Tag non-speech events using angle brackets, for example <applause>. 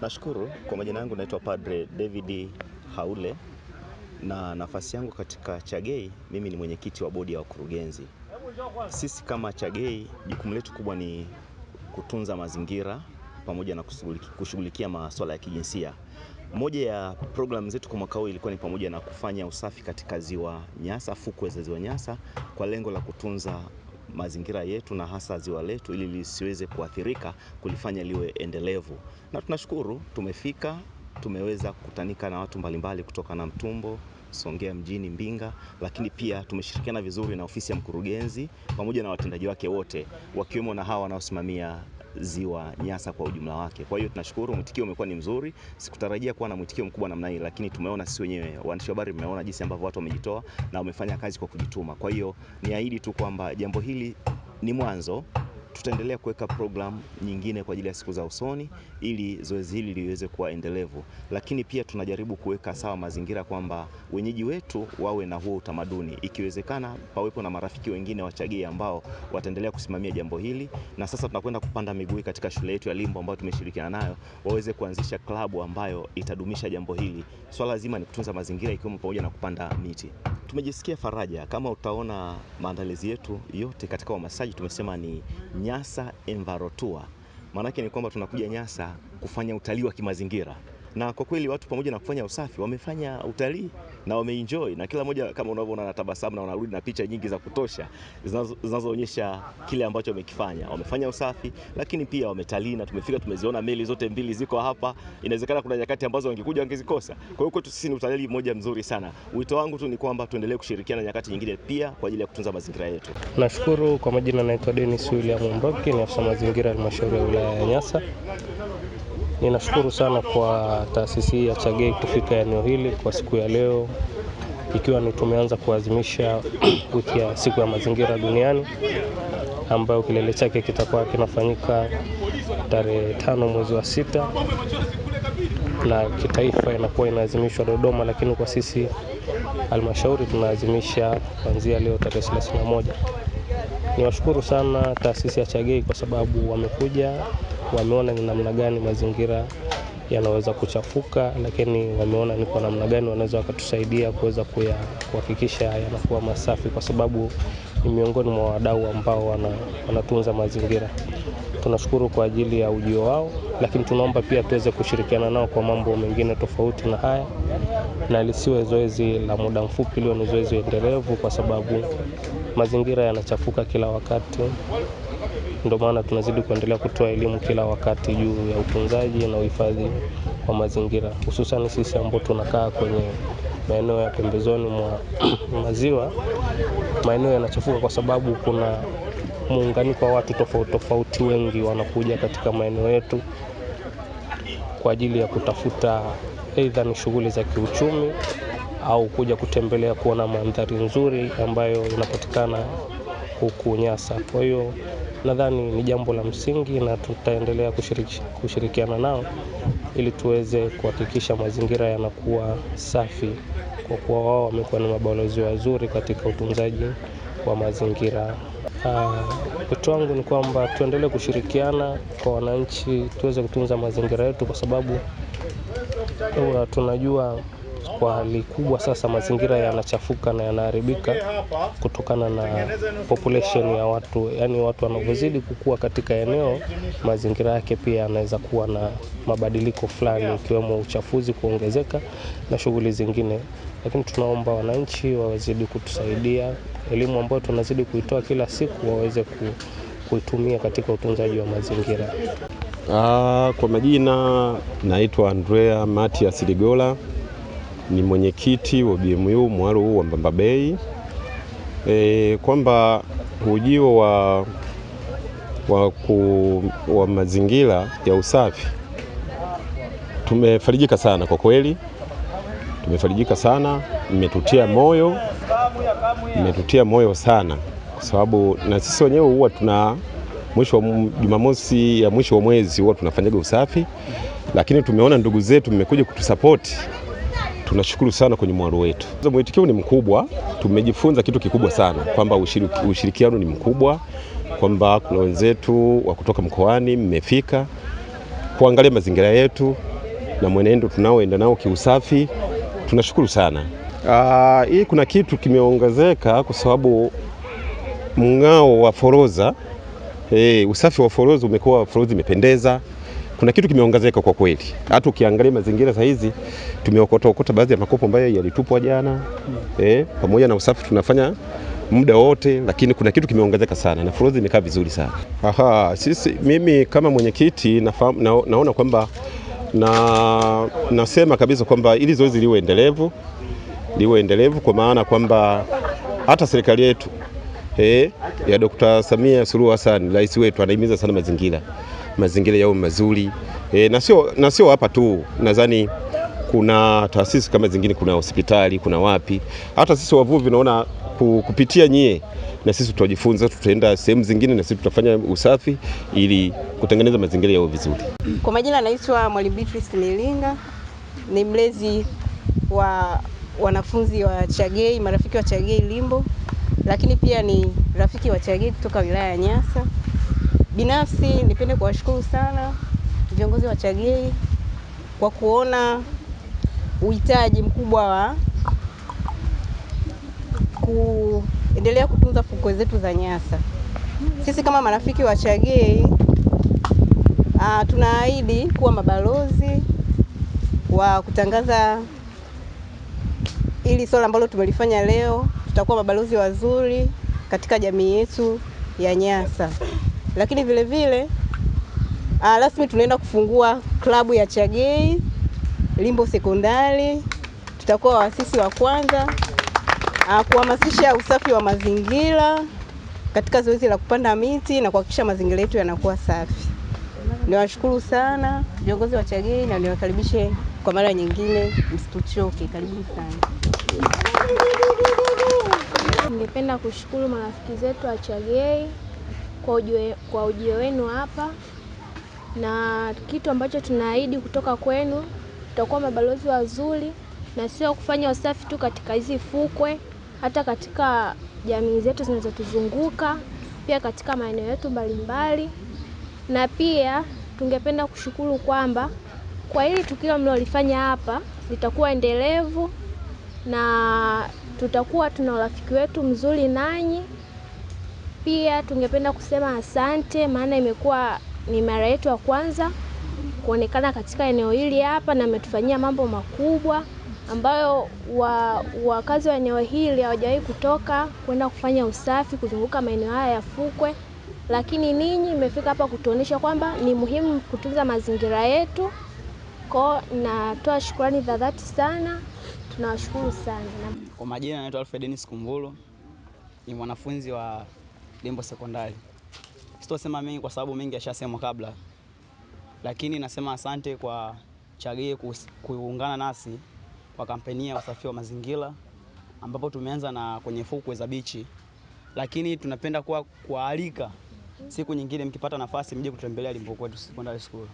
Nashukuru kwa majina yangu naitwa Padre David Haule na nafasi yangu katika Chagei mimi ni mwenyekiti wa bodi ya wakurugenzi. Sisi kama Chagei jukumu letu kubwa ni kutunza mazingira pamoja na kushughulikia masuala ya kijinsia. Moja ya program zetu kwa mwaka huu ilikuwa ni pamoja na kufanya usafi katika ziwa Nyasa, fukwe za ziwa Nyasa kwa lengo la kutunza mazingira yetu na hasa ziwa letu ili lisiweze kuathirika kulifanya liwe endelevu. Na tunashukuru tumefika, tumeweza kukutanika na watu mbalimbali kutoka na mtumbo Songea mjini Mbinga, lakini pia tumeshirikiana vizuri na ofisi ya mkurugenzi pamoja na watendaji wake wote wakiwemo na hawa wanaosimamia ziwa Nyasa kwa ujumla wake. Kwa hiyo tunashukuru mwitikio umekuwa ni mzuri. Sikutarajia kuwa na mwitikio mkubwa namna hii, lakini tumeona sisi wenyewe waandishi wa habari mmeona jinsi ambavyo watu wamejitoa na wamefanya kazi kwa kujituma. Kwa hiyo niahidi tu kwamba jambo hili ni mwanzo Tutaendelea kuweka program nyingine kwa ajili ya siku za usoni ili zoezi hili liweze kuwa endelevu, lakini pia tunajaribu kuweka sawa mazingira kwamba wenyeji wetu wawe na huo utamaduni, ikiwezekana pawepo na marafiki wengine wachagie ambao wataendelea kusimamia jambo hili, na sasa tunakwenda kupanda miguu katika shule yetu ya Limbo ambayo tumeshirikiana nayo waweze kuanzisha klabu ambayo itadumisha jambo hili. Swala zima ni kutunza mazingira ikiwemo pamoja na kupanda miti tumejisikia faraja kama utaona maandalizi yetu yote katika wamasaji tumesema ni Nyasa Envarotua. Maanake ni kwamba tunakuja Nyasa kufanya utalii wa kimazingira na kwa kweli watu pamoja na kufanya usafi wamefanya utalii na wameenjoy, na kila mmoja kama unavyoona na tabasamu na wanarudi na picha nyingi za kutosha zinazoonyesha kile ambacho wamekifanya. Wamefanya usafi, lakini pia wametalii, na tumefika tumeziona meli zote mbili ziko hapa. Inawezekana kuna nyakati ambazo wangekuja wangezikosa. Kwa hiyo kwetu sisi ni utalii mmoja mzuri sana. Wito wangu tu ni kwamba tuendelee kushirikiana nyakati nyingine pia kwa ajili ya kutunza mazingira yetu. Nashukuru. Kwa majina naitwa Dennis William Mroki, ni afisa mazingira halmashauri ya wilaya ya Nyasa. Ninashukuru sana kwa taasisi hii ya Chagei kufika eneo hili kwa siku ya leo, ikiwa ni tumeanza kuadhimisha <clears throat> wiki ya siku ya mazingira duniani ambayo kilele chake kitakuwa kinafanyika tarehe tano mwezi wa sita na kitaifa inakuwa inaadhimishwa Dodoma, lakini kwa sisi halmashauri tunaadhimisha kuanzia leo tarehe moja. Niwashukuru sana taasisi ya Chagei kwa sababu wamekuja wameona ni namna gani mazingira yanaweza kuchafuka, lakini wameona ni kwa namna gani wanaweza wakatusaidia kuweza kuhakikisha yanakuwa masafi, kwa sababu ni miongoni mwa wadau ambao wana, wanatunza mazingira. Tunashukuru kwa ajili ya ujio wao, lakini tunaomba pia tuweze kushirikiana nao kwa mambo mengine tofauti na haya, na lisiwe zoezi la muda mfupi, lio ni zoezi endelevu, kwa sababu Mazingira yanachafuka kila wakati, ndio maana tunazidi kuendelea kutoa elimu kila wakati juu ya utunzaji na uhifadhi wa mazingira, hususan sisi ambao tunakaa kwenye maeneo ya pembezoni mwa <clears throat> maziwa. Maeneo yanachafuka kwa sababu kuna muunganiko wa watu tofauti tofauti, wengi wanakuja katika maeneo yetu kwa ajili ya kutafuta aidha ni shughuli za kiuchumi au kuja kutembelea kuona mandhari nzuri ambayo inapatikana huku Nyasa. Kwa hiyo nadhani ni jambo la msingi na tutaendelea kushiriki, kushirikiana nao ili tuweze kuhakikisha mazingira yanakuwa safi, kwa kuwa wao wamekuwa ni mabalozi wazuri katika utunzaji wa mazingira. Ah, wito wangu ni kwamba tuendelee kushirikiana kwa wananchi, tuweze kutunza mazingira yetu, kwa sababu tunajua kwa hali kubwa sasa mazingira yanachafuka na yanaharibika kutokana na population ya watu, yani watu wanavyozidi kukua katika eneo, mazingira yake pia yanaweza kuwa na mabadiliko fulani, ikiwemo uchafuzi kuongezeka na shughuli zingine. Lakini tunaomba wananchi wawezidi kutusaidia, elimu ambayo tunazidi kuitoa kila siku waweze ku, kuitumia katika utunzaji wa mazingira. Aa, ah, kwa majina naitwa Andrea Matias Ligola ni mwenyekiti wa BMU mwaru wa Mbamba Bay e, kwamba ujio wa, wa, ku, wa mazingira ya usafi tumefarijika sana kwa kweli, tumefarijika sana, mmetutia moyo, mmetutia moyo sana, kwa sababu na sisi wenyewe huwa tuna mwisho wa Jumamosi ya mwisho wa mwezi huwa tunafanyaga usafi, lakini tumeona ndugu zetu mmekuja kutusapoti tunashukuru sana kwenye mwaro wetu. Mwitikio ni mkubwa, tumejifunza kitu kikubwa sana kwamba ushirikiano ni mkubwa, kwamba kuna wenzetu wa kutoka mkoani mmefika kuangalia mazingira yetu na mwenendo tunaoenda nao kiusafi. Tunashukuru sana. Aa, ah, hii kuna kitu kimeongezeka kwa sababu mng'ao wa foroza e, eh, usafi wa foroza umekuwa, foroza imependeza kuna kitu kimeongezeka kwa kweli. Hata ukiangalia mazingira saa hizi tumeokota okota baadhi ya makopo ambayo yalitupwa jana hmm. eh, pamoja na usafi tunafanya muda wote, lakini kuna kitu kimeongezeka sana na Forodhi imekaa vizuri sana. Aha, sisi mimi kama mwenyekiti na, na, naona kwamba na nasema kabisa kwamba ili zoezi liwe endelevu liwe endelevu kwa maana kwamba hata serikali yetu eh, ya Dr. Samia Suluhu Hassan rais wetu anahimiza sana mazingira mazingira yao mazuri e, na sio na sio hapa tu, nadhani kuna taasisi kama zingine, kuna hospitali, kuna wapi. Hata sisi wavuvi naona kupitia nyie na sisi tutajifunza, tutaenda sehemu zingine na sisi tutafanya usafi ili kutengeneza mazingira yao vizuri. Kwa majina naitwa Mwalimu Beatrice Milinga, ni mlezi wa wanafunzi wa Chagei, marafiki wa Chagei Limbo, lakini pia ni rafiki wa Chagei kutoka wilaya ya Nyasa. Binafsi nipende kuwashukuru sana viongozi wa Chagei kwa kuona uhitaji mkubwa wa kuendelea kutunza fukwe zetu za Nyasa. Sisi kama marafiki wa Chagei uh, ah, tunaahidi kuwa mabalozi wa kutangaza hili swala ambalo tumelifanya leo. Tutakuwa mabalozi wazuri katika jamii yetu ya Nyasa lakini vile vile uh, rasmi tunaenda kufungua klabu ya Chagei Limbo Sekondari. Tutakuwa waasisi wa kwanza uh, kuhamasisha usafi wa mazingira katika zoezi la kupanda miti na kuhakikisha mazingira yetu yanakuwa safi. Niwashukuru sana viongozi wa Chagei na niwakaribishe kwa mara nyingine, msituchoke, karibuni sana. Ningependa kushukuru marafiki zetu wa Chagei kwa ujio wenu hapa, na kitu ambacho tunaahidi kutoka kwenu, tutakuwa mabalozi wazuri na sio kufanya usafi tu katika hizi fukwe, hata katika jamii zetu zinazotuzunguka pia katika maeneo yetu mbalimbali. Na pia tungependa kushukuru kwamba kwa hili tukio mlilolifanya hapa litakuwa endelevu na tutakuwa tuna urafiki wetu mzuri nanyi. Pia tungependa kusema asante, maana imekuwa ni mara yetu ya kwanza kuonekana katika eneo hili hapa, na ametufanyia mambo makubwa ambayo wakazi wa eneo hili hawajawahi kutoka kwenda kufanya usafi kuzunguka maeneo haya ya fukwe, lakini ninyi mmefika hapa kutuonesha kwamba ni muhimu kutunza mazingira yetu kwao. Natoa shukrani za dhati sana, tunawashukuru sana. Kwa majina, naitwa Alfred Dennis Kumbulu, ni mwanafunzi wa Dembo Sekondari. Sitosema mengi kwa sababu mengi yashasemwa kabla, lakini nasema asante kwa Chagie kuungana nasi kwa kampeni ya usafi wa mazingira ambapo tumeanza na kwenye fukwe za bichi, lakini tunapenda kuwa kuwaalika siku nyingine mkipata nafasi mje kutembelea Limbo kwetu sekondari School.